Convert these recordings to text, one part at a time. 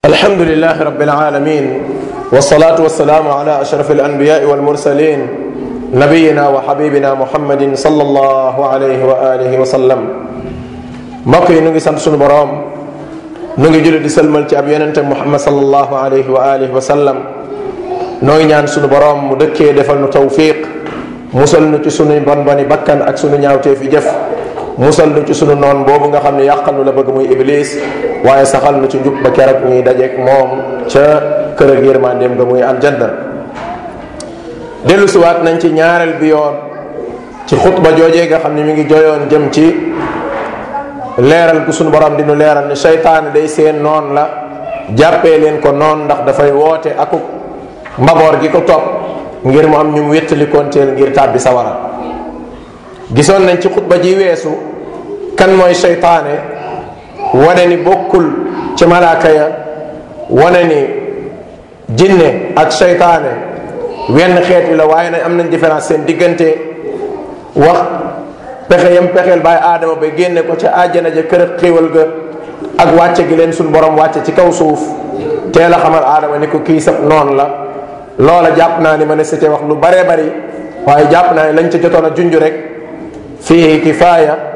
alhamdulilah rabil aalamiin wasalaatu wasalaamu ala ashraf alanbiyaai walmursalin nabiyina wa xabibina muhammadin sallallahu alayhi wa alihi wa sallam mbokk yi nu ngi sant sunu boroom nu ngi julli di sëlmal ci ab yonente muhammad sallallahu alayhi wa alihi wa sallam noo ngi ñaan sunu boroom mu dëkkee defal nu tawfiq musal nu ci sunu bon boni bakkan ak sunu ñaawteefi jëf musal nu ci sunu noon boobu nga xam ne yàqal nu la bëgg muy iblis waaye saxal nu ci njub ba keroog ñuy dajeeg moom ca kër ak yërmandeem nga muy aljanna dellu siwaat nañ ci ñaareel bi yoon ci xutba joojee nga xam ne mu ngi joyoon jëm ci leeral ku sunu borom dinu leeral ne seytaan day seen noon la jàppee leen ko noon ndax dafay woote akuk mbaboor gi ko topp ngir mu am ñu mu wéttali konteel ngir tàbbi sawara gisoon nañ ci xutba ji weesu kan mooy seytaane wane ni bokkul ci malaakaya wane ni jinne ak seytaane wenn xeet wi la waaye na am nañ différence seen diggante wax pexe yam pexeel baay aadama ba génne ko ca àjjana ja kër ak ga ak wàcce gi len suñ borom wàcce ci kaw suuf teel a xamal aadama ni ko kii noon la loola jàpp naa ni ma ne si wax lu baree bari waaye jàpp naa ni lañ ca jotoon a junj rek fii kifaaya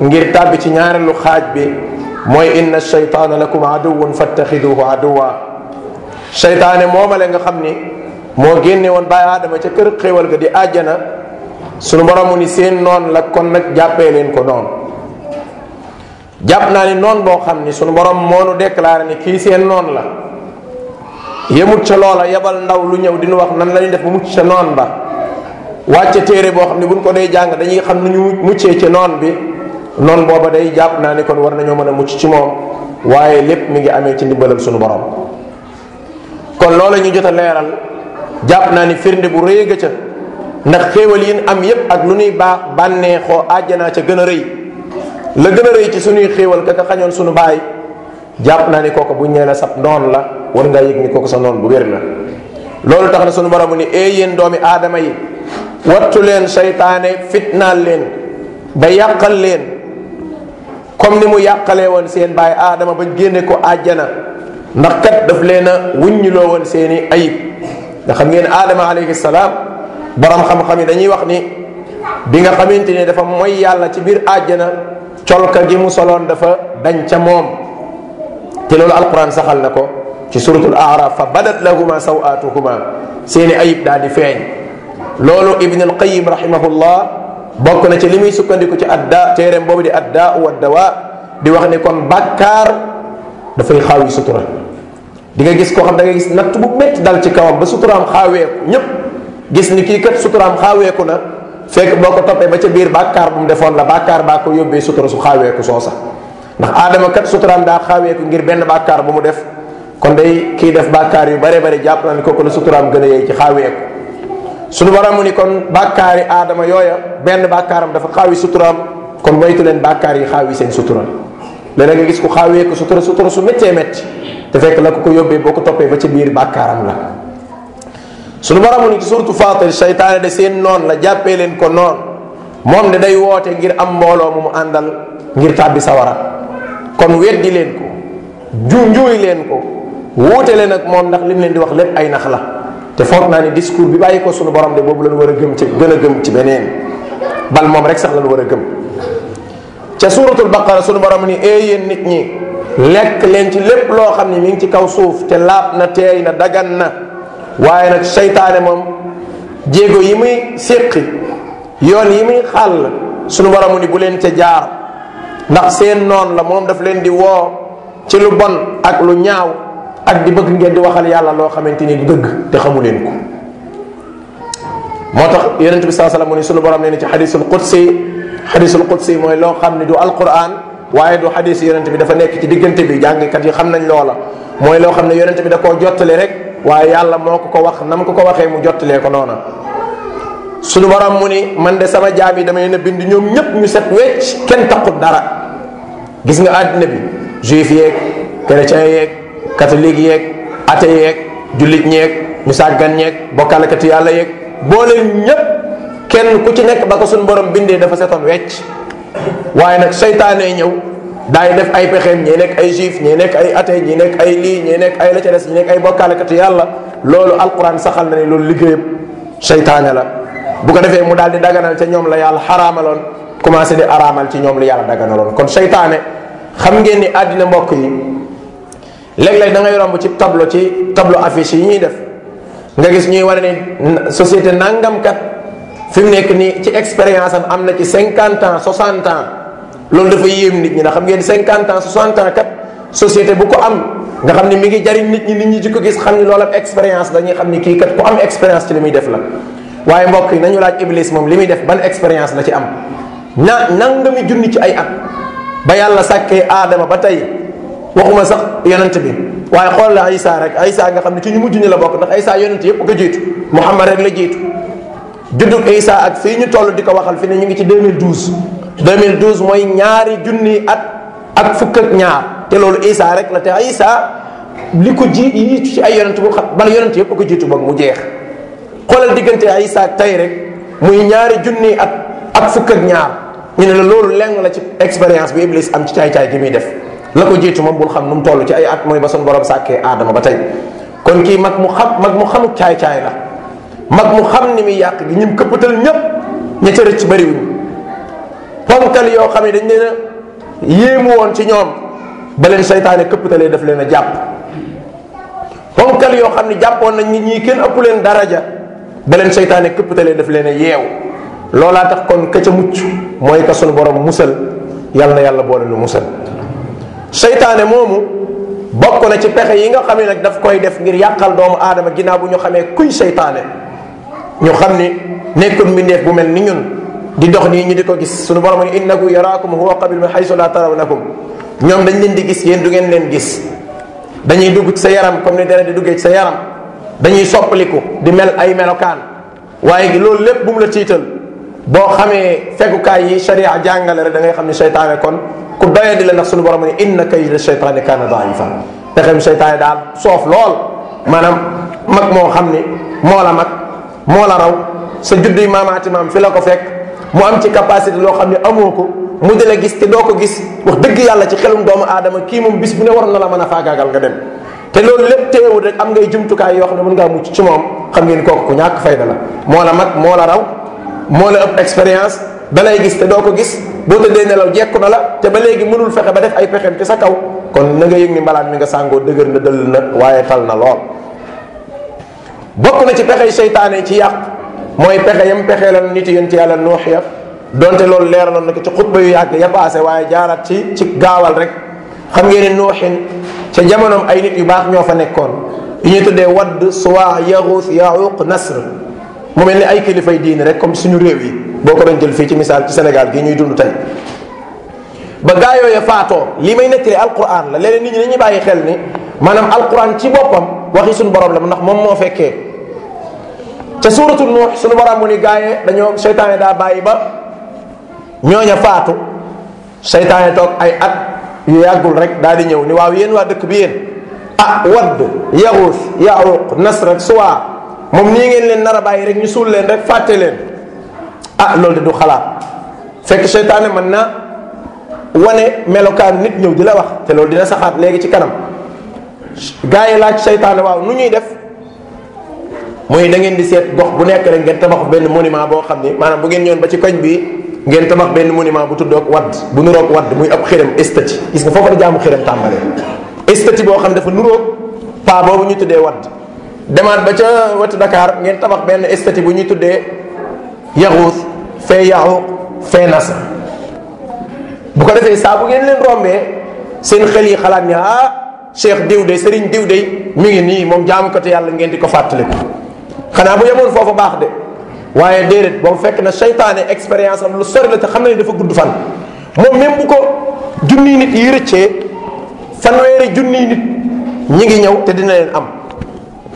ngir tàbbi ci ñaareelu xaaj bi mooy inna shaytaana lakum aduwun fattaxiduhu aduwa shaytaane moomale nga xam ni moo génnewoon woon bàyyi aadama ca kër xéwal ga di àjjana sunu borom mu ni seen noon la kon nag jàppee leen ko noonu jàpp naa ni noon boo xam ni sunu borom moo nu déclaré ni kii seen noon la yemut ca loola yebal ndaw lu ñëw di wax nan la ñuy def ba mucc ca noon ba wàcce téere boo xam ne buñ ko dee jàng dañuy xam nu ñu muccee ci noon bi noonu booba day jàpp naa ni kon war nañoo mën a mucc ci moom waaye lépp mu ngi amee ci ndimbalal sunu borom kon loola ñu jot a leeral jàpp naa ni firnde bu rëy ga ca ndax xéewal yin am yépp ak lu nuy baax bànneexoo àjjanaa ca gën a rëy la gën a rëy ci sunuy xéewal ka ka xañoon sunu baay jàpp naa ni kooku bu ñee la sab noon la war ngaa yëg ni kooku sa noon bu wér na loolu tax na sunu borom ni ee yéen doomi aadama yi wattu leen seytaane fitnaal leen ba yàqal leen comme ni mu yàqalee woon seen baay aadama ba génne ko àjjana ndax daf leen a wuññiloo woon seen i ayib nga xam ngeen aadama alayhi salaam borom xam-xam yi dañuy wax ni bi nga xamante ni dafa mooy yàlla ci biir àjjana colka gi mu soloon dafa dañ ca moom te loolu alquran saxal na ko ci suratul araf fa badat lahuma sawaatuhuma seen i ayib daal feeñ loolu ibn alqayim rahimahullah bokk na ci li muy sukkandiku ci adda téereem boobu di at adda wa dawa di wax ni kon bàkkaar dafay xaawi sutura di nga gis koo xam da nga gis natt bu métti dal ci kawam ba suturaam xaaweeku ñëpp gis ni kii kat suturaam xaweeku na fekk boo ko toppee ba ca biir bàkkaar bu mu defoon la bàkkaar baa ko yóbbee sutura su xaweeku xaaweeku soosa ndax aadama kat suturaam daa xaaweeku ngir benn bàkkaar bu mu def kon day kii def bàkkaar yu bare bare jàpp na ni kooku la suturaam gën a ci xaaweeku suñu borom mu ni kon bàkkaari aadama yooya benn bàkkaaram dafa xaawi suturaam kon moytu leen bàkkaar yi xaawi seen sutura léeg-léeg nga gis ku xaawee ko sutura sutura su méttee métti te fekk la ko ko yóbbee boo ko toppee ba ci biir bàkkaaram la suñu borom mu ni ci surtout Faatir seytaane de seen noon la jàppee leen ko noon moom da day woote ngir am mbooloo mu mu àndal ngir tàbbi sawara kon weddi leen ko ju njuuy leen ko wuute leen ak moom ndax lim leen di wax lépp ay nax la te foog naa ne discours bi bàyyi ko suñu borom de boobu lañu war a gëm ci gën a gëm ci beneen bal moom rek sax lañu war a gëm ca suuratul baqara suñu borom ni ee yéen nit ñi lekk leen ci lépp loo xam ne mi ngi ci kaw suuf te laab na teey na dagan na waaye nag seytaane moom jéego yi muy séqi yoon yi muy xàll suñu borom ni bu leen ca jaar ndax seen noon la moom daf leen di woo ci lu bon ak lu ñaaw ak di bëgg ngeen di waxal yàlla loo xamante ni du dëgg te xamu leen ko moo tax yonent bi saa salaam mu ne sunu borom nee na ci xadisul qudsi xadisul qudsi mooy loo xam ne du alquran waaye du xadis yonent bi dafa nekk ci diggante bi jàngkat yi xam nañ loola mooy loo xam ne yonent bi da koo jottali rek waaye yàlla moo ko ko wax nam ko ko waxee mu jottalee ko noona sunu borom mu ni man de sama jaam yi damay na bind ñoom ñëpp ñu set wecc kenn taqut dara gis àddina bi juif yeeg catholique yeeg athée yeeg jullit ñeeg ñu sàggan ñeeg bokkaalekatu yàlla yeeg boole ñépp kenn ku ci nekk ba ko suñu borom bindee dafa setoon wecc waaye nag seytaane ñëw daay def ay pexeem ñii nekk ay juif ñii nekk ay athée ñii nekk ay lii ñii nekk ay lacades ñii nekk ay bokkaalekatu yàlla loolu alquran saxal na ne loolu liggéeyam seytaane la bu ko defee mu daal di dagganal ca ñoom la yàlla xaraamaloon commencé di araamal ci ñoom la yàlla daganaloon kon seytaane xam ngeen mbokk léeg-léeg da ngay romb ci tableau ci tableau affiche yi ñuy def nga gis ñuy wane ne société nangam kat fi mu nekk nii ci expérience am am na ci cinquante ans soixante ans loolu dafa yéem nit ñi na xam ngeen cinquante ans soixante ans kat bu ko am nga xam ne mi ngi jariñ nit ñi nit ñi di gis xam ne loolu am expérience dañuy xam ne kii kat ku am expérience ci li muy def la waaye mbokk yi nañu laaj iblis moom li muy def ban expérience la ci am na nangami junni ci ay at ba yàlla sàkkee aadama ba tey waxuma sax yonent bi waaye xool la Aysa rek Aysa nga xam ne ci ñu mujj ñi la bokk ndax Aysa yonent yëpp ko jiitu Muhammad rek la jiitu juddug Aysa ak fii ñu toll di ko waxal fi ñu ngi ci 2012 2012 mooy ñaari junni at ak fukk ñaar te loolu Aysa rek la te Aysa li ko ji yi ci ay yonent bu xam bala yonent yëpp ko jiitu boog mu jeex xoolal diggante Aysa ak tey rek muy ñaari junni at ak fukk ak ñaar ñu ne la loolu leng la ci expérience bi Iblis am ci caay-caay gi muy def la ko jiitu moom bul xam nu mu tollu ci ay at mooy ba suñu borom sàkkee aadama ba tey kon kii mag mu xam mag mu xamuk caay-caay la mag mu xam ni mu yàq ñu ñim këppatal ñëpp ña ca rëcc bëriwuñ ponkal yoo xam ne dañ leen a ci ñoom ba leen seytaane këppatalee daf leen a jàpp ponkal yoo xam ne jàppoon nañ nit ñi kenn ëpp leen daraja ba leen seytaane këppatalee daf leen a yeew loolaa tax kon ka mucc mooy ka sunu borom musal yàlla na yàlla boole nu musal seytaane moomu bokk na ci pexe yi nga xam ne nag daf koy def ngir yàqal doomu aadama ginnaaw bu ñu xamee kuy seytaane ñu xam ni nekkul mbindeef bu mel ni ñun di dox nii ñu di ko gis suñu borom ne innahu yaraakum huwa qabil min haysu la tarawnakum ñoom dañ leen di gis yéen du ngeen leen gis dañuy dugg ci sa yaram comme ni dara di duggee sa yaram dañuy soppaliku di mel ay melokaan waaye loolu lépp bu mu la tiital boo xamee fekkukaay yi sharia jàngale rek da ngay xam ni seytaane kon ku doyee di la ndax sunu borom ne inna kayda shaytaani kaana daifa pexem seytaane daal soof lool maanaam mag moo xam ni moo la mag moo la raw sa judduy maamaati maam fi la ko fekk mu am ci capacité loo xam ne amoo ko mu di la gis te doo ko gis wax dëgg yàlla ci xelum doomu aadama kii moom bis bu ne waroon na la mën a faagaagal nga dem te loolu lépp teewul rek am ngay jumtukaay yoo xam ne mën ngaa mucc ci moom xam ngeen kooku ku ñàkk fayda la moo la mag moo la raw moo la ëpp expérience da lay gis te doo ko gis boo tëddee nelaw jekku na la te ba léegi mënul fexe ba def ay pexeem ci sa kaw kon na nga yëg ni mbalaan mi nga sàngoo dëgër na dëll na waaye tal na lool bokk na ci pexey seytaane ci yàq mooy pexe yam pexe la nit yéen ci yàlla nuux ya donte loolu leeraloon na ko ci xutba yu yàgg ya paase waaye jaaraat ci ci gaawal rek xam ngeen ne nuuxin ca jamonoom ay nit yu baax ñoo fa nekkoon yu ñuy tuddee wadd suwaa yaxuus yaawuq nasr mu mel ni ay kilifay diine rek comme suñu réew yi boo ko doon jël fii ci misaal ci Sénégal gi ñuy dund tey ba gaa yooya faatoo li may nettali alquran la léeg-léeg nit ñi dañuy bàyyi xel ni maanaam alquran ci boppam waxi suñu borom la ndax moom moo fekkee ca suuratu nuux suñu borom mu ni gaa yee dañoo seytaane daa bàyyi ba ñooña faatu seytaane toog ay at yu yàggul rek daal di ñëw ni waaw yéen waa dëkk bi yéen ah wadd yaxuus yaaruq nas rek suwaa moom nii ngeen leen nara a bàyyi rek ñu suul leen rek fàtte leen ah loolu de du xalaat fekk seytaane mën na wane melokaanu nit ñëw di la wax te loolu dina saxaat léegi ci kanam gaa yi laaj seytaane waaw nu ñuy def mooy da ngeen di seet gox bu nekk rek ngeen tabax benn monument boo xam ni maanaam bu ngeen ñëwoon ba ci koñ bi ngeen tabax benn monument bu tuddoog wadd bu nuroog wadd muy ab xërëm estati gis nga foofu la jaamu xërëm tàmbalee estati boo xam dafa nuroog paa bu ñu tuddee wadd demaat ba ca wetu ndakaar ngeen tabax benn estati bu ñuy tuddee yaxuus fee yaaxu fee nas bu ko defee saa bu ngeen leen rombee seen xel yi xalaat ni ah cheikh diw de sëriñ diw de mi ngi nii moom jaamukatu yàlla ngeen di ko fàttaliku xanaa bu yemoon foofu baax de waaye déedéet boobu fekk na seytaane expérience am lu sori la te xam na dafa gudd fan moom même bu ko junniy nit yi rëccee fanweeri junniy nit ñi ngi ñëw te dina leen am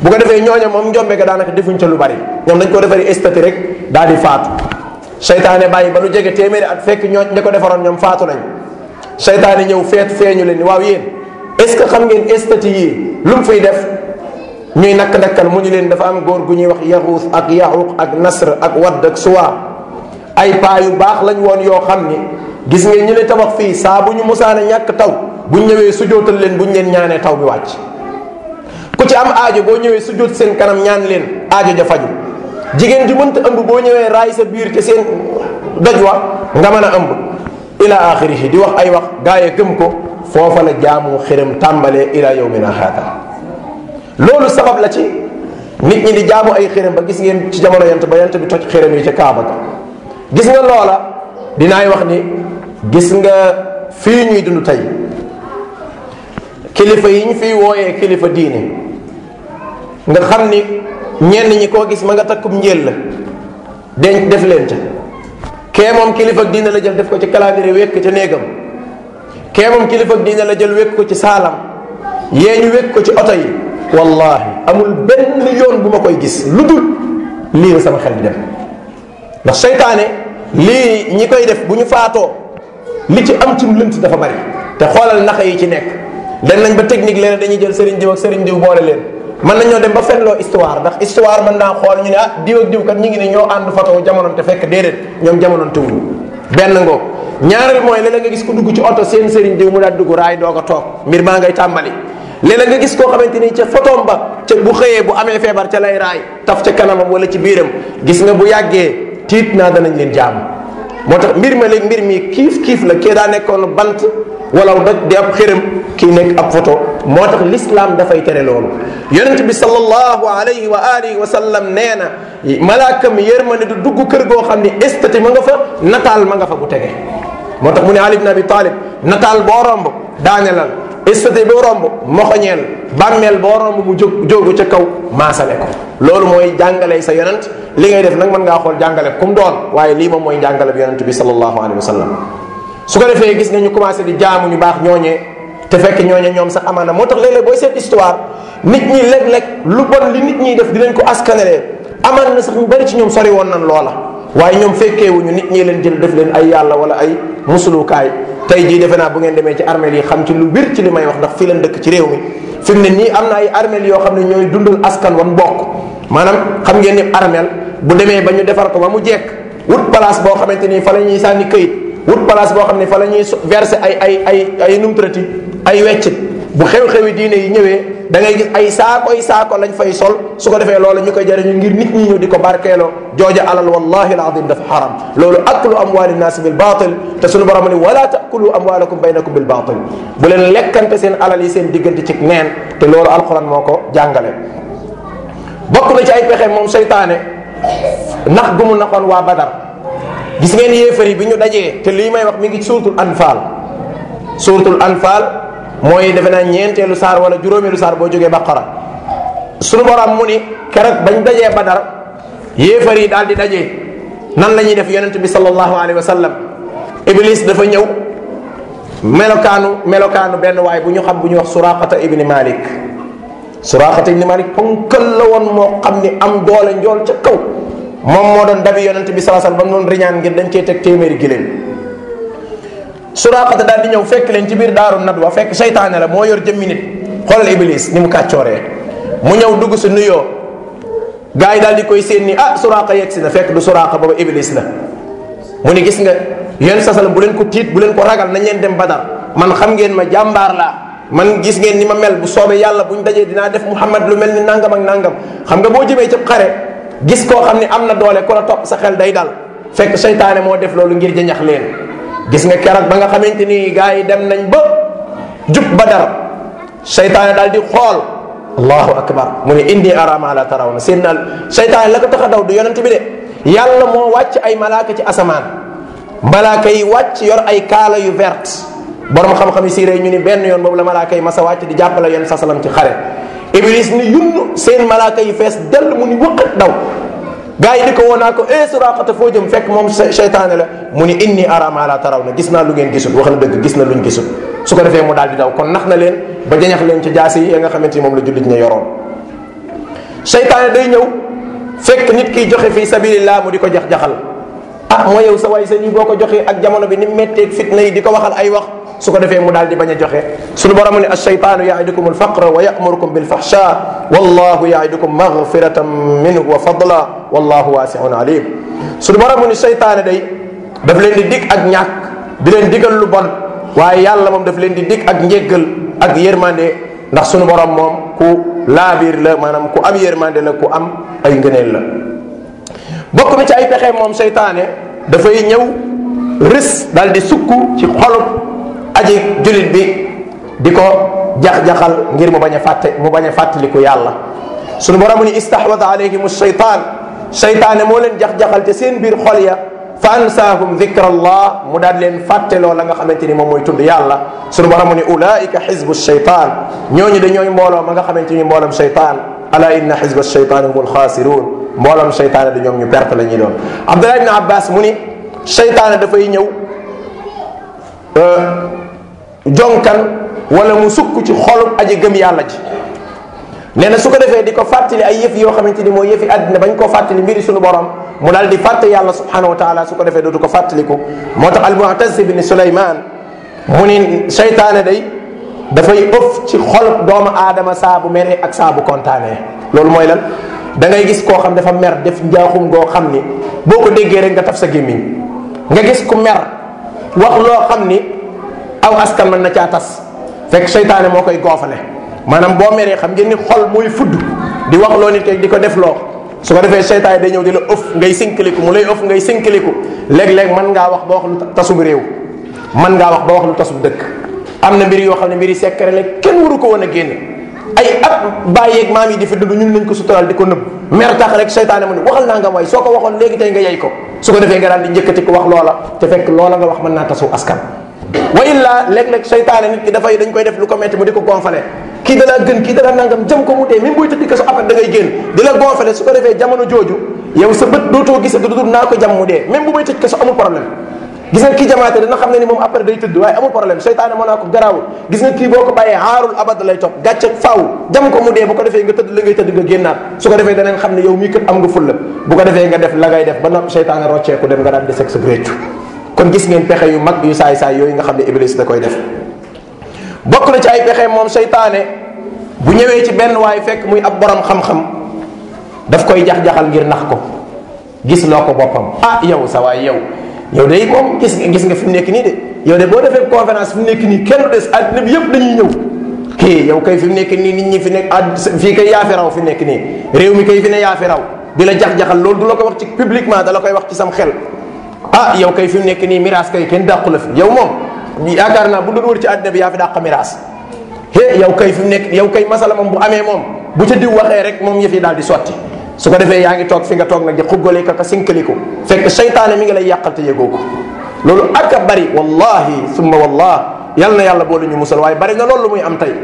bu ko defee ñooña moom njombe ga daanaka defuñ ca lu bari ñoom dañ koo defari estati rek daal di faatu seytaane bàyyi ba lu jege téeméeri at fekk ñoo ña ko defaroon ñoom faatu nañ seytaane ñëw feet feeñu leen waaw yéen est-ce que xam ngeen estati yi lu mu fiy def ñuy nakk nakkal mu ñu leen dafa am góor gu ñuy wax yaxuus ak yaxuq ak nasr ak wadd ak suwaa ay paa yu baax lañ woon yoo xam ni gis ngeen ñu ne tabax fii saa bu ñu musaane ñàkk taw bu ñëwee sujootal leen bu ñu leen ñaanee taw bi wàcc ku ci am aajo boo ñëwee sujoot seen kanam ñaan leen aajo ja faju jigéen ju mënta ëmb boo ñëwee raay sa biir te seen doj wa nga mën a ëmb ila axirihi di wax ay wax gaa yi gëm ko foofa la jaamu xërëm tàmbalee ila yawmina haada loolu sabab la ci nit ñi di jaamu ay xërëm ba gis ngeen ci jamono yant ba bi toj xërëm yi ca Kaaba gis nga loola dinaay wax ni gis nga fi ñuy dund tey kilifa yi ñu fiy wooyee kilifa diine nga xam ni ñenn ñi koo gis ma nga takkum njël la denc def leen ca kee moom kilifa ak la jël def ko ci calendrier wékk ca néegam kee moom kilifa ak diine la jël wékk ko ci saalam yee ñu wékk ko ci oto yi wallahi amul benn yoon bu ma koy gis lu dul lii la sama xel bi dem ndax seytaane lii ñi koy def bu ñu faatoo li ci am cim lënt dafa bari te xoolal naxa yi ci nekk dem nañ ba technique leen dañuy jël sëriñ diw ak sëriñ diw boole leen mën nañoo dem ba fenloo histoire ndax histoire mën naa xool ñu ne ah diw ak diw kat ñu ngi ne ñoo ànd photo jamono te fekk déedéet ñoom jamono te benn ngoo ñaareel mooy léeg-léeg nga gis ku dugg ci oto seen sëriñ diw mu daal dugg raay doog a toog mbir maa ngay tàmbali léeg nga gis koo xamante ni ca photom ba ca bu xëyee bu amee feebar ca lay raay taf ca kanamam wala ci biiram gis nga bu yàggee tiit naa danañ leen jaamu moo tax mbir ma léegi mbir mi kiif kiif la kii daa nekkoon bant wala doj di ab xërëm kii nekk ab photo moo tax l'islam dafay tere loolu yonent bi sallallahu alayhi wa alihi wa sallam nee na malaakam yërmande du dugg kër goo xam ni estati ma nga fa nataal ma nga fa bu tege moo tax mu ne Ali ibn Abi Talib nataal boo romb daanelal stati boo romb moxoñeel bàmmeel boo romb mu jóg jógu ca kaw maasale ko loolu mooy jàngale sa yonent li ngay def nag mën ngaa xool jàngale kum doon waaye lii moom mooy jàngale bi yonent bi sallallahu alayhi wa su ko defee gis nga ñu commencé di jaamu ñu baax ñooñee te fekk ñooñe ñoom sax amaana moo tax léeg-léeg booy seet histoire nit ñi léeg-léeg lu bon li nit ñiy def dinañ ko askanalee amaana na sax ñu bari ci ñoom sori woon nan loola waaye ñoom fekkeewuñu nit ñi leen jël def leen ay yàlla wala ay musulukaay tey jii defe naa bu ngeen demee ci armeel yi xam ci lu wér ci li may wax ndax fii leen dëkk ci réew mi fi ne nii am na ay armeel yoo xam ne ñooy dundal askan wan bokk maanaam xam ngeen ni armeel bu demee ba ñu defar ko ba mu jekk wut place boo xamante ni fa la ñuy sànni kayit wut place boo xam ne fa la ñuy verse ay ay ay ay numtrati ay weccit bu xew-xewi xew diine yi ñëwee da ngay gis ay saakoy saako lañ fay sol su ko defee loolu ñu koy jariñu ngir nit ñi ñëw di ko barkeeloo jooja alal wallahi alazim dafa xaram loolu aklu amwaali naas bil baatil te suñu borom ni wala taakulu amwaalakum baynakum bil baatil bu leen lekkante seen alal seen diggante ci neen te loolu alquran moo ko jàngale na ci ay pexe moom seytaane nax gu mu naxoon waa badar gis ngeen yéefar yi bi ñu dajee te lii may wax mi ngi suuratul anfaal suuratul anfaal mooy defe naa ñeenteelu saar wala juróomeelu saar boo jógee baqara sunu borom mu ni keroog bañ dajee badar yéefar yi daal di daje nan la ñuy def yonent bi sallallahu alayhi wa sallam iblis dafa ñëw melokaanu melokaanu benn waay bu ñu xam bu ñu wax suraqata ibni malik suraqata ibni malik ponkal la woon moo xam ni am doole njool ca kaw moom moo doon dabi yonent bi sallallahu alayhi wa sallam ba mu doon riñaan ngir dañ cee teg téeméeri giléem suraaqata daal di ñëw fekk leen ci biir daaru na nadwa fekk seytaane la moo yor jëmmi nit xoolal iblis ni mu kàccooree mu ñëw dugg si nuyoo gars yi daal di koy seen ni ah suraaqa yegg si na fekk du suraaqa booba iblis la mu ni gis nga yéen sasalam bu leen ko tiit bu leen ko ragal nañ leen dem badar man xam ngeen ma jàmbaar laa man gis ngeen ni ma mel bu soobee yàlla buñ dajee dinaa def muhammad lu mel ni nangam ak nangam xam nga boo jëmee ca xar gis koo xam ne am na doole ku la topp sa xel day dal fekk seytaane moo def loolu ngir jëñax leen gis nga keroog ba nga xamante ni gaa yi dem nañ ba jub badar seytaane daal di xool allahu akbar mu ne inni ara ma la tarawna seen daal seytaane la ko tax daw du yonent bi de yàlla moo wàcc ay malaaka ci asamaan malaaka yi wàcc yor ay kaala yu vert borom xam-xam yi siiree ñu ni benn yoon boobu la malaaka yi masa wàcc di jàppale yoon sasalam ci xare iblis ni yunn seen malaaka yu fees dell mu ni wëqat daw gaa yi di ko woo naa ko e eh, suraqata foo jëm fekk moom seytaane la mu ni inni ara ma la taraw na gis naa lu ngeen gisul wax na dëgg gis na luñ gisul su ko defee mu daal di daw kon nax na leen ba jañax leen ci jaasi yi nga xamante ni moom la jullit ña yoroon seytaane day ñëw fekk nit ki joxe fii sabilillah mu di ko jax-jaxal ah moo yow sa waay sa lii boo ko joxee ak jamono bi ni metteeg fitna yi di ko waxal ay wax su ko defee mu daal di bañ a joxe suñu borom ne alcheytaanu yaidukum alfaqra wa yamurukum bilfaxsha wallahu yaidukum magfiratan minhu wa fadla wallahu waasiun alim suñu borom ne cheytaane day daf leen di dig ak ñàkk di leen digal lu bon waaye yàlla moom daf leen di dig ak njéggal ak yërmande ndax suñu borom moom ku biir la maanaam ku am yërmande la ku am ay ngëneel la bokk na ci ay pexe moom seytaane dafay ñëw rës daal di sukk ci xolub aji jullit bi di ko jax-jaxal ngir mu bañ a fàtte mu bañ a fàttaliku yàlla sunu borom ni istahwada alayhim shaytaan shaytaane moo leen jax-jaxal te seen biir xol ya fa ansaahum dikra allah mu daal leen fàtteloo la nga xamante ni moom mooy tudd yàlla sunu borom ni ulaika xizbu shaytaan ñooñu dañooy mbooloo ma nga xamante ni mbooloom shaytaan ala inna xizba shaytaan hum alxaasiruun mbooloom shaytaane di ñoom ñu perte la ñuy doon abdullah ibne abbas mu ni shaytaane dafay ñëw euh, jonkan wala mu sukk ci xolum aji gëm yàlla ji nee na su ko defee di ko fàttali ay yëf yoo xamante ni mooy yëfi àddina bañ koo fàttali mbiri suñu borom mu daal di fàtte yàlla subhanahu wa taala su ko defee dootu ko fàttaliku moo tax almu'taz ibn Suleymaan mu ni seytaane day dafay ëf ci xol doomu aadama saa bu meree ak saa bu kontaanee loolu mooy lan da ngay gis koo xam dafa mer def njaaxum goo xam ni boo ko déggee rek nga taf sa gémmiñ nga gis ku mer wax loo xam ni aw askan mën na caa tas fekk seytaane moo koy goofale maanaam boo meree xam ngeen ni xol mooy fudd di wax loo nit di ko def loo su ko defee seytaane day ñëw di la ëff ngay sinkiliku mu lay ëff ngay sinkiliku léeg-léeg mën ngaa wax ba wax lu tasum réew mën ngaa wax ba wax lu tasum dëkk am na mbir yoo xam ne mbiri sekkare la kenn waru ko woon a génne ay ab bàyyeeg maam yi di fi dund ñun lañ ko ko nëbb mer tax nga mooy ko waxoon léegi tey nga yey ko su ko defee daal di njëkkati ko wax loola te fekk loola nga wax mën naa tasu askan wa illaa léeg-léeg seytaane nit ki dafay dañ koy def lu ko metti mu di ko gonfale kii dala gën kii dala nangam jëm ko mu dee même buy tëdd kaso après da ngay génn di la gonfale su ko defee jamono xam ne ni moom après day tëdd ko garaawul gis nga kii dee bu ko ne yow mii kat am nga fulla bu ko defee nga def la ngay def ba nopp seytaane rocceeku dem nga daal di seg sa réccu kon gis ngeen pexe yu mag yu saay saay yooyu nga xam ne iblis da koy def bokk na ci ay pexe moom seytaane bu ñëwee ci benn waay fekk muy ab borom xam-xam daf koy jax-jaxal ngir nax ko gis loo ko boppam ah yow sa waay yow yow de moom gis gis nga fi mu nekk nii de yow de boo defee conférence fi mu nekk nii kenn des àddina bi yëpp dañuy ñëw kii yow kay fi mu nekk nii nit ñi fi nekk ad fii kay yaa raw fi nekk nii réew mi kay fi ne yaa raw di la jax-jaxal loolu du la ko wax ci publiquement da koy wax ci sam xel ah yow kay fi mu nekk nii miraas kay kenn dàqu la fi yow moom yaakaar naa bu doon wër ci àddina bi yaa fi dàq miraas he yow kay fi mu nekk yow kay masala moom bu amee moom bu ca diw waxee rek moom yëf yi daal di sotti su ko defee yaa ngi toog fi nga toog nag di xuggale ko ka sinkali ko fekk seytaane mi ngi lay yàqal te yëgoo ko loolu ak a bari wallahi summa wallah yal na yàlla boole ñu musal waaye bari na loolu muy am tey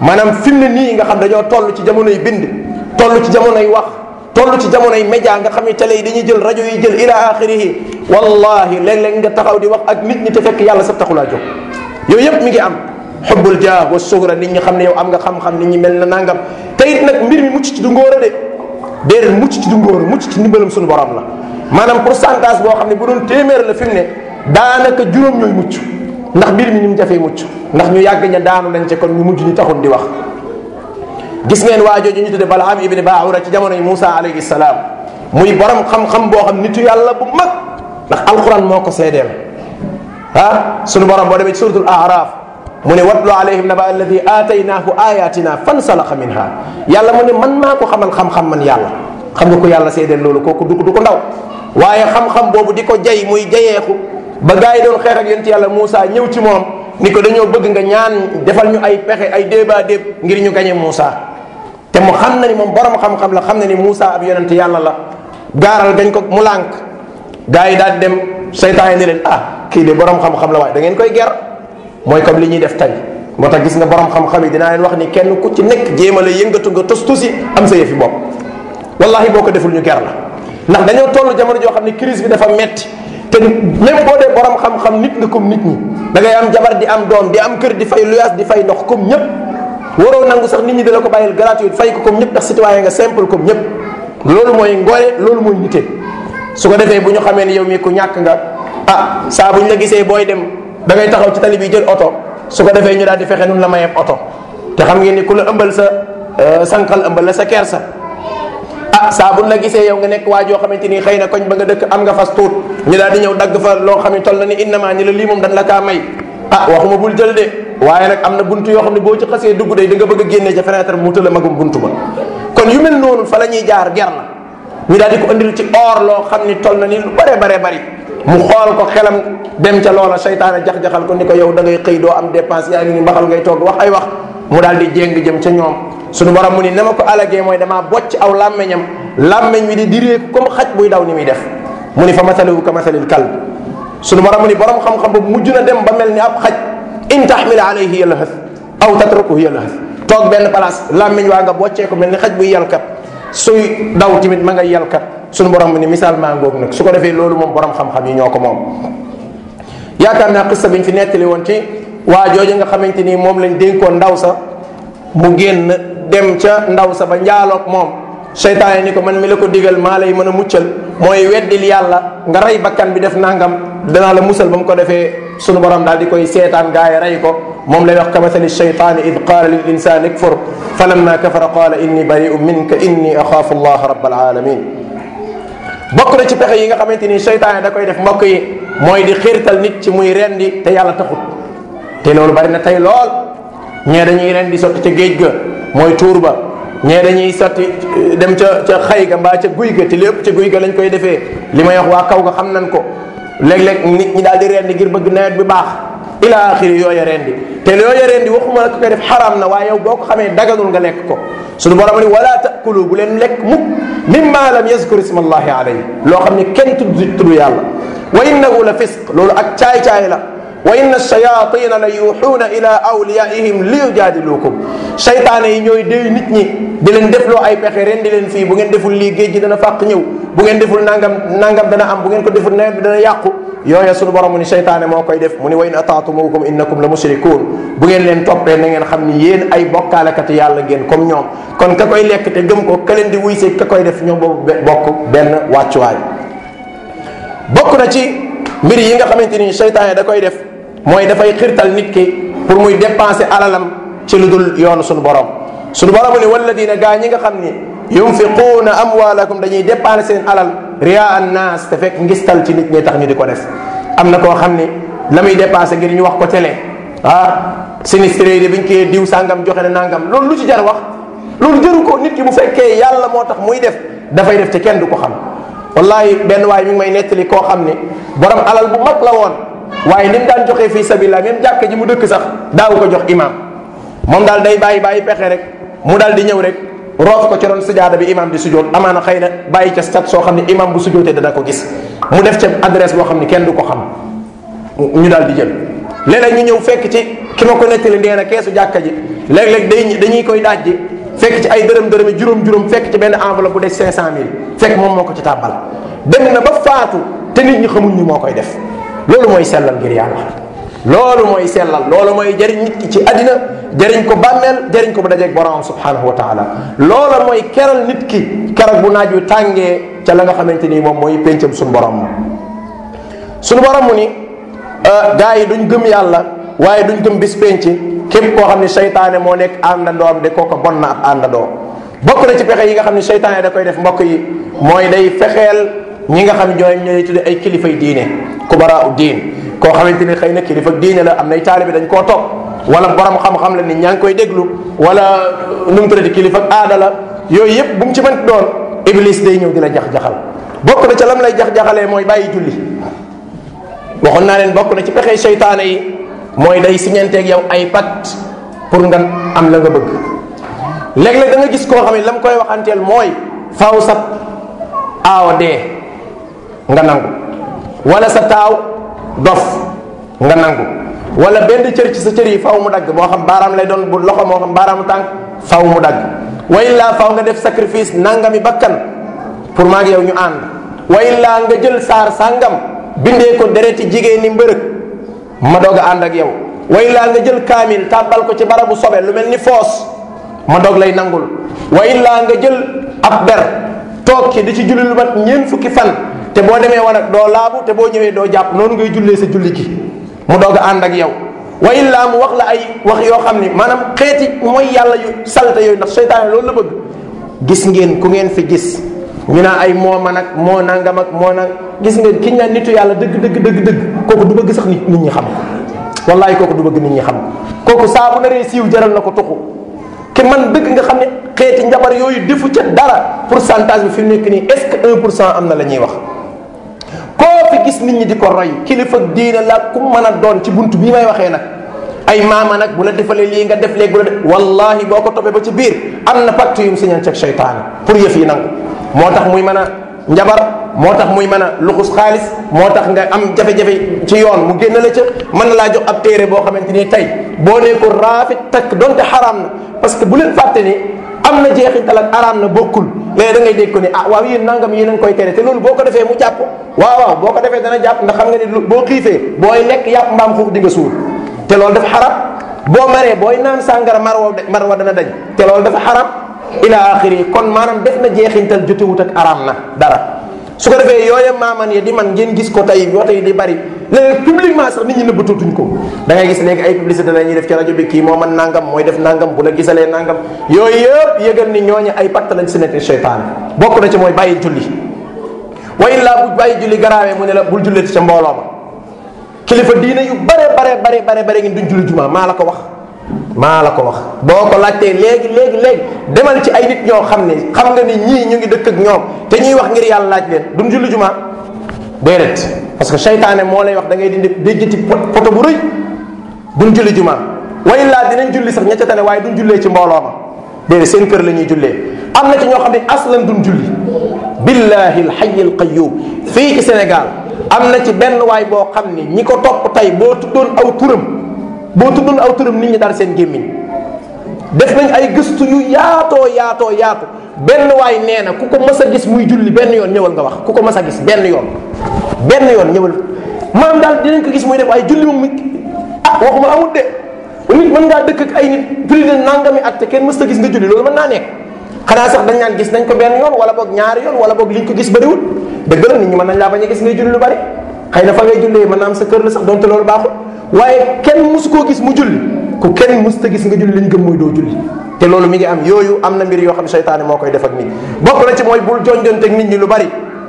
maanaam fi mu ne nii nga xam dañoo toll ci jamonoy bind toll ci jamonoy wax toll ci jamonoy média nga xam ne télé yi dañuy jël rajo jël ila axirihi wallahi léeg-léeg nga taxaw di wax ak nit ñi te fekk yàlla sa taxulaa jóg yooyu yëpp mi ngi am xubbul jaa wa suhra nit ñi xam ne yow am nga xam-xam nit ñi mel na nangam te it nag mbir mi mucc ci du ngóor a de déedéet mucc ci du ngóor mucc ci ndimbalam suñu borom la maanaam pourcentage boo xam ne bu doon téeméer la fi ne daanaka juróom ñooy mucc ndax mbir mi ni jafee mucc ndax ñu yàgg ña daanu nañ ca kon mujj ñu taxoon di wax gis ngeen waa de bala am Balham ibni Baawura ci jamonoy Moussa alayhi salaam muy borom xam-xam boo xam nitu yàlla bu mag ndax alquran moo ko seedeel ah sunu borom boo demee ci suratul Aaraaf mu ne watlu alayhim naba alladi aataynaahu ayatina fansalaxa minha yàlla mu ne man maa ko xamal xam-xam man yàlla xam nga ko yàlla seedeel loolu ko du du ko ndaw waaye xam-xam boobu di ko jay muy jayeexu ba gars yi doon xeex ak yonent yàlla Moussa ñëw ci moom ni ko dañoo bëgg nga ñaan defal ñu ay pexe ay débat déeb ngir ñu gañe Moussa te mu xam na ni moom borom xam-xam la xam na ni Moussa ab yonent yàlla la gaaral dañ ko mu lànk gars yi daal di dem seytaan yi ni leen ah kii de borom xam la waaye da ngeen koy ger mooy li ñuy def tey moo tax gis nga borom xam yi dinaa leen wax ni kenn ku ci nekk jéem yëngatu nga tos tusi am sa yëfi bopp wallahi boo ko deful ñu ger la ndax dañoo toll jamono joo xam ne crise bi dafa metti te même boo dee borom xam nit nga comme nit ñi da am jabar di am doom di am kër di fay luyaas di fay ndox comme ñëpp waroo nangu sax nit ñi dala ko bàyyil gratuite fay ko comme ñëpp ndax citoyen nga simple comme ñëpp loolu mooy ngoore loolu mooy nite su ko defee bu ñu xamee ne yow mii ku ñàkk nga ah saa bu la gisee booy dem da taxaw ci tali bi jël oto su ko defee ñu daal di fexe nun la mayeeb oto te xam ngeen ni ku la ëmbal sa euh, sànqal ëmbal sa kersa ah saa bu la gisee yow nga nekk waa joo xamante ni xëy na koñ ba nga dëkk am nga fas tuut ñu daal di ñëw dagg fa loo xam ne toll na ni innama ni la lii moom dañ la kaa may ah waxuma bul jël de waaye nag am na bunt yoo xam ne boo ci xasee dugg day da nga bëgg a génnee ca fenêtre mu tëla magum bunt ba kon yu mel noonu fa la ñuy jaar jar na ñu daal di ko andil ci or loo xam ni toll na ni lu bare bare bari mu xool ko xelam dem ca loola seytaane jax-jaxal ko ni ko yow da ngay xëy doo am dépense yaa ngi ni mbaxal ngay toog wax ay wax mu daal di jéng jëm ca ñoom suñu borom mu ni na ma ko alagee mooy damaa bocc aw làmmeñam làmmeñ wi di direeku comme xaj buy daw ni muy def mu ni fa masaluhu ka masalil kalb suñu borom mu ni borom xam-xam boobu mujj na dem ba mel ni ab xaj in taxmil alayhi yalhas aw tatrukuhu yalhas toog benn place làmmiñ waa nga boccee ko mel ni xaj buy yalkat suy daw tamit ma nga yalkat suñu borom ni misaal maa ngoog nag su ko defee loolu moom borom xam-xam yi ñoo ko moom yaakaar naa xissa biñ fi nettali woon ci waa jooju nga xamante ni moom lañ dénkoon ndaw sa mu génn dem ca ndaw sa ba njaalook moom seytaane ni ko man mi la ko digal maa lay mën a muccal mooy weddil yàlla nga rey bakkan bi def nangam ko defee sunu borom daal di koy seetaan gaa yi rey ko moom lay wax kamathali shaytaani id qaala lil insaani ikfur falamma kafara qaala inni bariu minka inni axaafu allaha rabbal alamin bokk na ci pexe yi nga xamante ni seytaane da koy def mbokk mooy di xiirtal nit ci muy rendi te yàlla taxut te loolu bari na tey lool ñee dañuy rendi sotti ca géej ga mooy tuur ba ñee dañuy sotti dem ca ca xay ga ca guy ga lépp ca guy ga lañ koy defee li may wax waa kaw ga xam nan ko léeg-léeg nit ñi daal di rendi ngir bëgg nawet bi baax ila axiri yooya rendi te yooya rendi waxuma la ko koy def xaraam na waaye yow boo ko xamee daganul nga lekk ko suñu borom ni wala taakulu bu leen lekk mukk mimma lam yazkur ismallahi alayhi loo xam ne kenn tudd tudd yàlla wa innahu la fisq loolu ak caay-caay la wa a shayatina la yuuxuuna ila awliyaihim li yujaadilukum saytaane yi ñooy déy nit ñi di leen loo ay pexe ren di leen fii bu ngeen deful liigéej géej gi dana fàq ñëw bu ngeen deful nangam nangam dana am bu ngeen ko deful nawet bi dana yàqu yooya sunu borom mu ni saytaane moo koy def mu ni wa in ataatumukum innakum la mushrikuun bu ngeen leen toppee na ngeen xam ni yéen ay bokkaalekati yàlla geen kom ñoom kon ka koy lekk te gëm ko ka leen di wuy see ka koy def ñoom boobu bokk benn wàccuwaay bokk na ci mbir yi nga xamante ni saytaane da koy def mooy dafay xirtal nit ki pour muy dépenser alalam ci lu dul yoonu suñu borom suñu borom ni walladina gaa ñi nga xam ni yunfiquuna amwaalakum dañuy dépenser seen alal riyaa an naas te fekk ngistal ci nit ñi tax ñu di ko def am na koo xam ni la muy dépenser ngir ñu wax ko télé ah sinistré yi de biñ koy diw sàngam joxe na nangam loolu lu ci jar wax loolu jëru ko nit ki bu fekkee yàlla moo tax muy def dafay def te kenn du ko xam wallahi benn waay mi ngi may nettali koo xam ni borom alal bu mag la woon waaye ni mu daan joxee fii sabilillah même jàkk ji mu dëkk sax daawu ko jox imaam moom daal day bàyyi bàyyi pexe rek mu daal di ñëw rek roof ko ci ron sujaada bi imaam di sujoot amaana xëy na bàyyi ca stat soo xam ne imaam bu sujootee dana ko gis mu def ca adresse boo xam ne kenn du ko xam ñu daal di jël léeg ñu ñëw fekk ci ki ma ko nettali nee na keesu jàkka ji léeg-léeg day dañuy koy daaj ji fekk ci ay dërëm dërëmi juróom-juróom fekk ci benn enveloppe bu dee cent mille fekk moom moo ko ci tàbbal dem na ba faatu te ñi xamuñ ñu moo koy def loolu mooy sellal ngir yàlla loolu mooy sellal loolu mooy jëriñ nit ki ci àddina jëriñ ko bàmmeel jëriñ ko bu dajeeg borom subhanahu wa taala loola mooy keral nit ki keroog bu naaj wi tàngee ca la nga xamante ni moom mooy péncam suñu borom ma suñu borom mu ni ah, gaa yi duñ gëm yàlla waaye duñ gëm bis pénc képp koo xam ne seytaane moo nekk àndandoom de kooko bon na ab àndandoo bokk na ci pexe yi nga xam ne seytaane da koy def mbokk yi mooy ñi nga xam ñooy ñooy tuddee ay kilifay diine kubaraaw diin koo xamante ni xëy na kilifa diine la am nay taalibe dañ koo toog wala borom xam-xam la ni ñaa ngi koy déglu wala nu mu tuddati kilifa aada yooyu yëpp bu ci mën doon iblis day ñëw di la jax-jaxal na ca lam lay jax-jaxalee mooy bàyyi julli waxoon naa leen bokk na ci pexe seytaane yi mooy day siñanteeg yow ay pacte pour nga am la nga bëgg léeg-léeg da gis koo xam ne la mu koy waxanteel mooy faaw sab aawa dee nga nangu wala sa taaw dof nga nangu wala benn cër ci sa cër yi faw mu dagg moo xam baaraam lay doon bu loxo moo xam baaraamu tànk faw mu dagg wa illaa faw nga def sacrifice nangami bakkan pour maa ngi yow ñu ànd wa nga jël saar sàngam bindee ko dereti jigéen ni mbërëg ma doog a ànd ak yow wa nga jël kaamil tàbbal ko ci barabu sobe lu mel ni foos ma doog lay nangul wa nga jël ab ber toog ci di ci julli lu mat ñeent fukki fan te boo demee wan ak doo laabu te boo ñëwee doo jàpp noonu ngay jullee sa julli gi mu doog ànd ak yow wa laa mu wax la ay wax yoo xam ni maanaam xeeti mooy yàlla yu salte yooyu ndax seytaane loolu la bëgg gis ngeen ku ngeen fi gis ñu naa ay moo man ak moo nangam ak moo nang gis ngeen ki na nit yàlla dëgg dëgg dëgg dëgg kooku du bëgg sax nit nit ñi xam ko wallaay kooku du bëgg nit ñi xam kooku saa bu naree siiw jaral na ko tuxu ki man dëgg nga xam ne xeeti njabar yooyu defu ca dara pourcentage bi fi mu nekk nii est-ce que 1 pour cent am na la ñuy wax fi gis nit ñi di ko roy kilifa diina la ku mën a doon ci bunt bii may waxee nag ay maama nag bu la defalee lii nga def léegi bu la def wallahi boo ko toppee ba ci biir am na pacte yu mu signé ak seytaane pour yëf yi nangu moo tax muy mën a njabar moo tax muy mën a luxus xaalis moo tax nga am jafe ci yoon mu génn la ca mën na laa jox ab téere boo xamante ni tey boo nee ko raafit takk donte xaraam na parce que bu leen fàtte ni am na jeexintal ak araam na bokkul mais da ngay dégg ko ni ah waaw yéen nangam yéen a koy tere te loolu boo ko defee mu jàpp waaw waaw boo ko defee dana jàpp ndax xam nga ni boo xiifee booy lekk yàpp mbaam xuux di nga suur te loolu def xaram boo maree booy naan sàngara mar wa mar wa dana dañ te loolu dafa xaram ila axiri kon maanaam def na jeexintal jotewut ak araam na dara su ko defee yooya maaman yi di man ngeen gis ko tey woto yi di bari léeg-léeg publiquement nit ñi nëbbatootuñ ko da ngay gis léegi ay publicité la ñuy def ci rajo bi kii moo man nangam mooy def nangam bu na gisalee nangam yooyu yëpp yëgal ni ñooñu ay pacte lañ sinete seytaan bokk na ci mooy bàyyi julli wa illaa bu bàyyi julli garaawee mu ne la bul julleeti ca mbooloo ma kilifa diine yu bare bare bare bare bare ngeen duñ julli juma maa la ko wax maa la ko wax boo ko laajtee léegi léegi léegi demal ci ay nit ñoo xam ne xam nga ni ñii ñu ngi dëkk ak ñoom te ñuy wax ngir yàlla laaj leen duñ julli jumaa déedéet parce que seytaane moo lay wax da ngay ti déjjati poto bu rëy duñ julli jumaa way laa dinañ julli sax ña ca tane waaye duñ jullee ci mbooloo ma seen kër la ñuy jullee am na ci ñoo xam ne aslan duñ julli billahi alxayi alqayum fii ci Sénégal am na ci benn waay boo xam ne ñi ko topp tey boo tuddoon aw turam boo tuddul aw turam nit ñi dar seen gémmiñ def nañ ay gëstu yu yaatoo yaatoo yaatu benn waay nee na ku ko mas a gis muy julli benn yoon ñëwal nga wax ku ko mas a gis benn yoon benn yoon ñëwal maam daal dinañ gis muy ah de nit mën ngaa dëkk ak ay nit plus de nangami at te kenn mës ta gis nga naa nekk xanaa sax dañ naan gis nañ ko benn yoon wala boog ñaari yoon wala boog liñ ko gis bëriwul dëgg la nit ñi mën nañ laa bañ a gis ngay julli lu bari xëy na fa ngay jullee mën naa am sa kër la sax donte loolu baaxul waaye kenn musu koo gis mu julli ku kenn mus ta gis nga julli li ñu gëm mooy doo julli te loolu mi ngi am yooyu am na mbir yoo xam ne seytaane moo koy def ak nit bokk na ci mooy bul jonjonteeg nit lu bari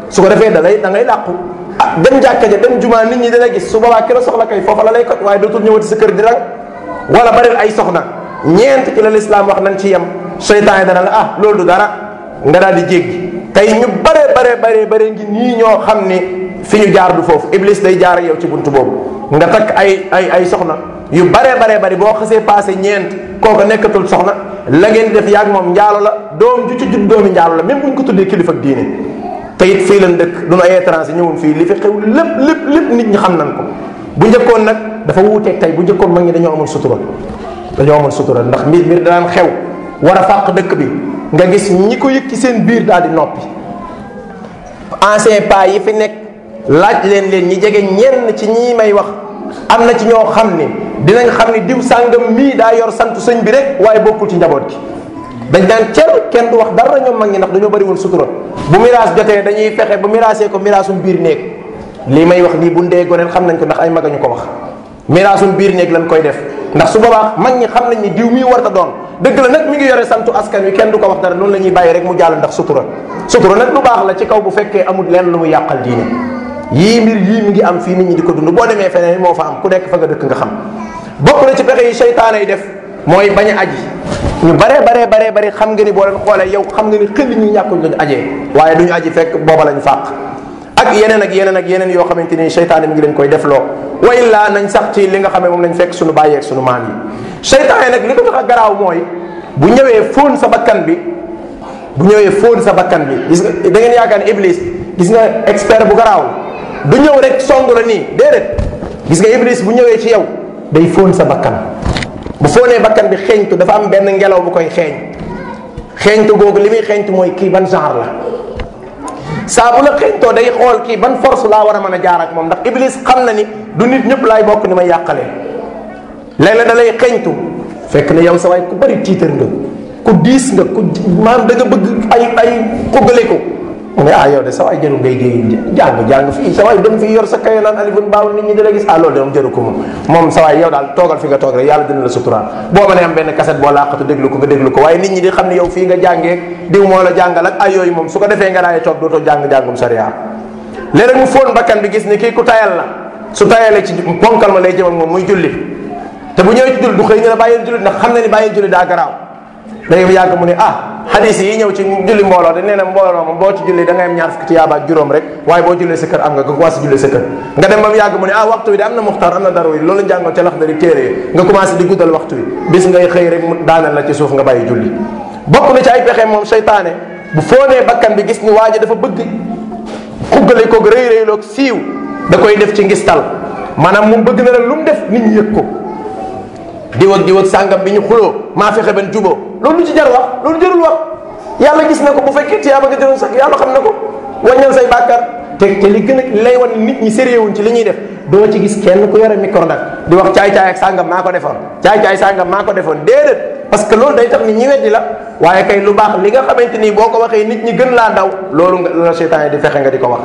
su ko defee da lay da ngay làqu ah dem jàkka ja dem jumaa nit ñi dina gis su boobaa ki la soxla kay foofa la lay ko waaye dootul ñëwati sa kër di rang wala baril ay soxna ñeent ki la lislaam wax nañ ci yem seytaane dana la ah loolu du dara nga daal di jéggi tey ñu bare bare bare bare ngi nii ñoo xam ni fi ñu jaar du foofu iblis day jaar yow ci bunt boobu nga takk ay ay ay soxna yu baree baree bari boo xasee passé ñeent kooka nekkatul soxna la ngeen def yaag moom njaalo la doom ju ci jub doomi njaalo la même bu ñu ko tuddee kilifa ak diine te fii lan dëkk du ñu ay étranger ñëwoon fii li fi xew lépp lépp lépp nit ñi xam nañ ko bu njëkkoon nag dafa wuuteeg tey bu njëkkoon mag ñi dañoo amoon sutura dañoo amoon sutura ndax mbir mbir danaan xew war a fàq dëkk bi nga gis ñi ko yëg ci seen biir daal di laaj leen leen ñi jege ñenn ci ñi may wax am na ci ñoo xam ni dinañ xam ni diw sàngam mii daa yor sant sëñ bi rek waaye bokkul ci njaboot gi dañ daan cel kenn du wax dara ñoom mag ñi ndax dañoo bëri woon sutura bu miraas jotee dañuy fexe ba miraasee ko miraasum biir néeg lii may wax nii bu ndee goneel xam nañ ko ndax ay mag ñu ko wax miraasum biir néeg lañ koy def ndax su boobaa mag ñi xam nañ ni diw mii war ta doon dëgg la nag mi ngi yore santu askan wi kenn du ko wax dara noonu la ñuy bàyyi rek mu jàll ndax sutura sutura nag lu la ci kaw bu fekkee amul lenn lu mu yàqal diine yii mbir yii mu ngi am fii nit ñi di ko dund boo demee feneen moo fa am ku nekk fa nga dëkk nga xam bokk na ci bexe yi seytaane yi def mooy bañ a aji ñu baree baree baree bari xam nga ni boo xoolee yow xam nga ni xel ñu ñàkkuñ lañu ajee waaye duñu aji fekk booba lañ fàq ak yeneen ak yeneen ak yeneen yoo xamante ni seytaane mi ngi leen koy def loo wa nañ sax ci li nga xamee moom lañ fekk suñu bàyyi ak suñu maam yi seytaane nag li ko tax a garaaw mooy bu ñëwee fóon sa bakkan bi bu ñëwee fóon sa bakkan bi gis nga da ngeen yaakaar iblis gis nga expert bu garaaw du ñëw rek songu la nii déedéet gis nga iblis bu ñëwee ci yow day fóon sa bakkan bu fóonee bakkan bi xeeñtu dafa am benn ngelaw bu koy xeeñ xeeñtu googu li muy xeeñtu mooy kii ban genre la saa bu la xeeñtoo day xool kii ban force laa war a mën a jaar ak moom ndax iblis xam na ni du nit ñëpp laay bokk ni may yàqale léeg-léeg da lay xeeñtu fekk na yow sa ku bari tiitar nga ku diis nga ku maanaam da bëgg ay ay xugale ko mu ne ah yow de sa waay jëru ngay dee jàng jàng fii sa dem fii yor sa kaye naan alifun baawun nit ñi di la gis ah loolu de moom jëru ko moom moom sa waay yow daal toogal fi nga toog rek yàlla dina la suturaan boo mënee am benn kaset boo làqatu déglu ko nga déglu ko waaye nit ñi di xam ne yow fii nga jàngee diw moo la jàngal ak ay yooyu moom su ko defee nga daayee toog dootoo jàng jàngum sariya léeg mu fóon bakkan bi gis ni kii ku tayal la su tayalee ci ponkal ma lay jëmal xëy ñu ne bàyyil julli ndax xam na ni bàyyil julli daa garaaw day yàgg ah, xadis yi ñëw ci julli mbooloo dañ nee na mbooloo moom boo julli da ngay am ñaar fukki tiyaaba ak juróom rek waaye boo jullee sa am nga ko commencé jullee sa nga dem ba mu yàgg mu ne ah waxtu wi de am na muxtaar am na dara wi loolu njàngoon ca lax dari téere nga commencé di guddal waxtu wi bis ngay xëy rek mu daanal la ci suuf nga bàyyi julli bokk na ci ay pexe moom seytaane bu foonee bakkan bi gis ni waa ji dafa bëgg xuggale koog rëy rëyloog siiw da koy def ci ngistal maanaam moom bëgg na rek lu mu def nit yëg ko di ak diw ak sàngam bi ñu xuloo maa fexe ben juboo loolu ci jar wax loolu jarul wax yàlla gis na ko bu fekkee tiyaaba nga jëloon sax yàlla xam na ko wàññal say bàkkaar te te li gën a lay wan nit ñi sérieux wuñ ci li ñuy def doo ci gis kenn ku yore micro nag di wax caay-caay ak sàngam maa ko defoon caay-caay sàngam maa ko defoon déedéet parce que loolu day tax nit ñi weddi la waaye kay lu baax li nga xamante nii boo ko waxee nit ñi gën laa daw loolu nga la seytaan di fexe nga di ko wax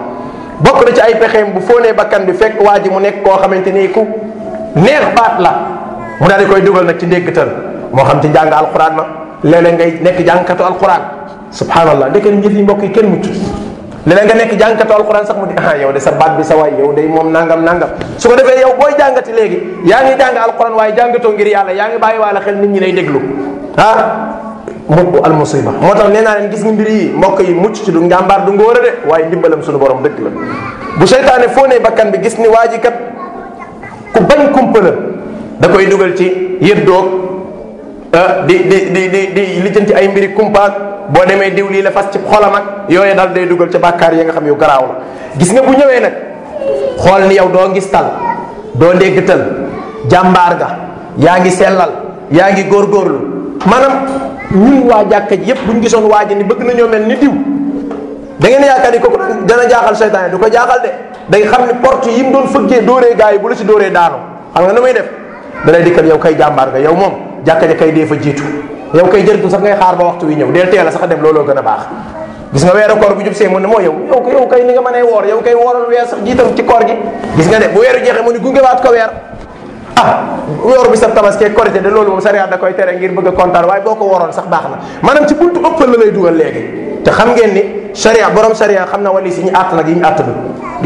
bokk na ay pexeem bu fóonee bakkan bi fekk waa ji mu nekk koo xamante nii ku neex baat la mu daal koy dugal nag ci ndéggtal moo xam ci njàng alquran la léeg-léeg ngay nekk jàngkatu alquran subhanallah ndeke njëf yi mbokk yi kenn mucc léeg-léeg nga nekk jàngkatu alquran sax mu di ah yow de sa baat bi sa waay yow de moom nangam nangam su ko yow booy jàngati léegi yaa ngi jàng alquran waaye jàngatoo ngir yàlla yaa ngi bàyyi waale xel nit ñi lay déglu ah mu al musiba moo tax nee naa leen gis nga mbir yi mbokk yi mucc ci du njàmbaar du ngóor de waaye ndimbalam sunu borom dëgg la bu seytaane foo ne bakkan bi gis ni waa ji kat ku bañ da koy dugal ci yëddoog ah, di di di di di lijjanti ay mbiri kumpaag boo demee diw lii la fas ci xolam ak yooyu daal day dugal ca bàkkaar yi nga xam yu garaaw la gis nga bu ñëwee nag xool ni yow doo ngis tal doo ndéggtal jàmbaar ga yaa ngi sellal yaa ngi góor góorgóorlu maanaam ñun waa jàkka ji yépp bu ñu gisoon waa ji ni bëgg nañoo mel ni diw da ngeen yaakaar ni kooku dana jaaxal seytaane du ko jaaxal de day xam ni porte yi mu doon fëggee dóoree gaa yi bu la si dóoree daanu xam nga nu muy def da lay dikkal yow kay jàmbaar nga yow moom jàkka ja kay dee fa jiitu yow kay jërëjëf sax ngay xaar ba waxtu wi ñëw deel teel a sax dem looloo gën a baax gis nga moo yow yow yow kay ni woor yow kay wooral weer sax jiital ci koor gi gis nga de bu weeru jeexee gunge waat ko weer ah woor bi sax tabaski korité de loolu moom sariya koy tere ngir bëgg waaye boo ko woroon sax baax na maanaam ci buntu ëppal la lay dugal léegi te xam ngeen ni sariya borom sariya xam na wali si ñu àtt nag yi àtt bi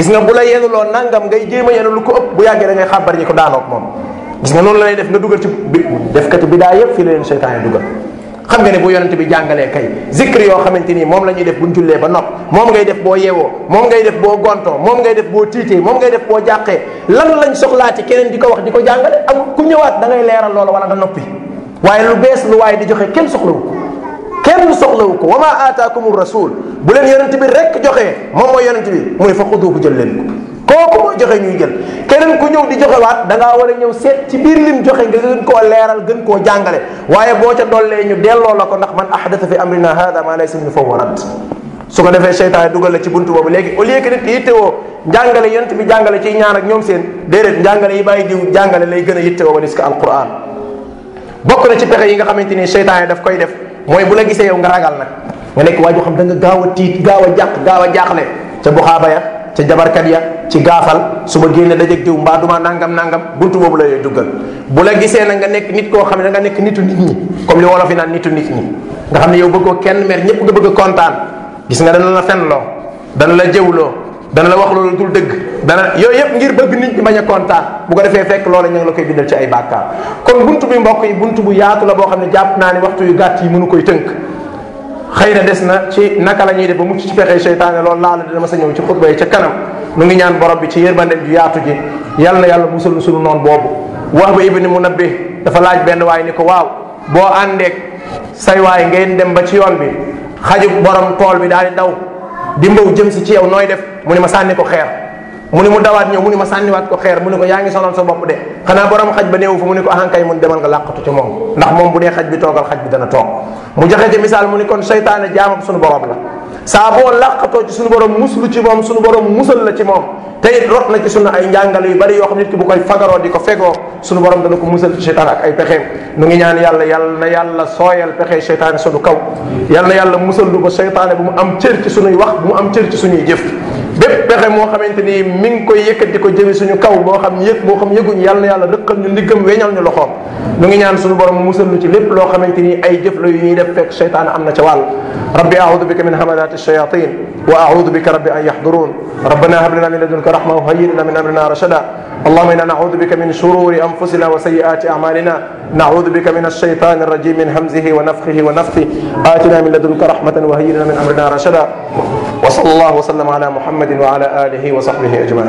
gis nga bu la yenu loo nangam ngay jéem a yenu lu ko ëpp bu yàggee da ngay xàbbar ñi ko daanook moom gis nga noonu la lay def nga dugal ci bi def kati bidaa yëpp fii la leen seytaane dugal xam nga ne bu yonente bi jàngalee kay zikr yoo xamante nii moom la ñuy def buñ jullee ba nopp moom ngay def boo yeewoo moom ngay def boo gontoo moom ngay def boo tiitee moom ngay def boo jàqee lan lañ soxlaa soxlaati keneen di ko wax di ko jàngale ak ku ñëwaat da leeral loola wala nga noppi waaye lu bees lu waaye di joxe kenn soxlawu ko kenn soxlawu ko wa maa aataakumu rasul bu leen yonente bi rek joxee moom mooy bi muy fa xuduuku jël leen kooku mooy joxe ñuy jël keneen ku ñëw di joxe waat da ngaa war a ñëw seet ci biir lim joxe nga gën koo leeral gën koo jàngale waaye boo ca dollee ñu delloo la ko ndax man ahdatha fi amrina hada ma laysa minhu fa huwa rad su ko defee seytaane dugal la ci buntu boobu léegi au lieu que nit yittewoo njàngale yent jàngale ciy ñaan ak ñoom seen déedéet njàngale yi bàyyi diw jàngale lay gën a yittewoo walis ko alquran bokk na ci pexe yi nga xamante ni seytaane daf koy def mooy bu la gisee yow nga ragal nag nga nekk waa joo xam da nga gaaw a tiit gaaw a jàq gaaw a jaaxle ca buxaaba ya ca jabarkat ya ci gaafal su ma la dajeeg diw mbaa duma nangam nangam buntu boobu la lay duggal bu la gisee nag nga nekk nit koo xam ne da nga nekk nitu nit ñi comme li wolof yi naan nit ñi nga xam ne yow bëggoo kenn mer ñëpp nga bëgg a kontaan gis nga dana la fenloo dana la jëwloo dana la wax loolu dul dëgg dana yooyu yëpp ngir bëgg nit ñi bañ a kontaan bu ko defee fekk loola ñu ngi la koy bindal ci ay bàkkaar kon bunt bi mbokk yi bunt bu yaatu la boo xam ne jàpp naa ne waxtu yu gàtt yi mënu koy tënk xëy na des na ci naka la ñuy def ba mu ci pexe seytaane loolu laa la dina ma sa ñëw ci xutba yi ca kanam mu ngi ñaan borom bi ci yërmandeem ju yaatu ji yal na yàlla musal sunu noon boobu wax ba ibni munabbi dafa laaj benn waay ni ko waaw boo àndeek say waay ngeen dem ba ci yoon bi xaju borom tool bi daal di daw di mbaw jëm si ci yow nooy def mu ne ma sànni ko xeer mu ni mu dawaat ñëw mu ni ma sànniwaat ko xeer mu ni ko yaa ngi sonal sa bopp de xanaa borom xaj ba néewu fa mu ni ko ahankay mun demal nga làqatu ci moom ndax moom bu dee xaj bi toogal xaj bi dana toog mu joxe ci misaal mu ni kon seytaane jaamam suñu borom la saa boo làqatoo ci suñu borom muslu ci moom suñu borom musal la ci moom tey it rot na ci sunu ay njàngal yu bari yoo xam nit ki bu koy fagaroo di ko fegoo suñu borom dana ko musal ci seytaan ak ay pexeem nu ngi ñaan yàlla yàlla na yàlla sooyal pexe seytaane sunu kaw yàlla na yàlla musal lu ba seytaane bu mu am cër ci sunuy wax bu mu am cër ci suñuy jëf bépp pexe moo xamante ni mi ngi koy yëkkati ko jëmi suñu kaw boo xam yëg boo xam yëguñ yàlla yàlla dëkkal ñu ndiggam weñal ñu loxoom ñu ngi ñaan suñu borom musal ñu ci lépp loo xamante ni ay jëf la yu ñuy def fekk seytaan am na ca wàll rabbi aoudu bika min hamadati shayatin wa aoudu bika rabbi an yahdurun rabbana hab min ladunka rahma wa hayyi min amrina rashada اللهم انا نعوذ بك من شرور انفسنا وسيئات اعمالنا نعوذ بك من الشيطان الرجيم من همزه ونفخه ونفثه اتنا من لدنك رحمه وهيئ لنا من امرنا رشدا wa sallallahu wa sallam ala muhammadin wa ala alihi wa sahbihi ajmain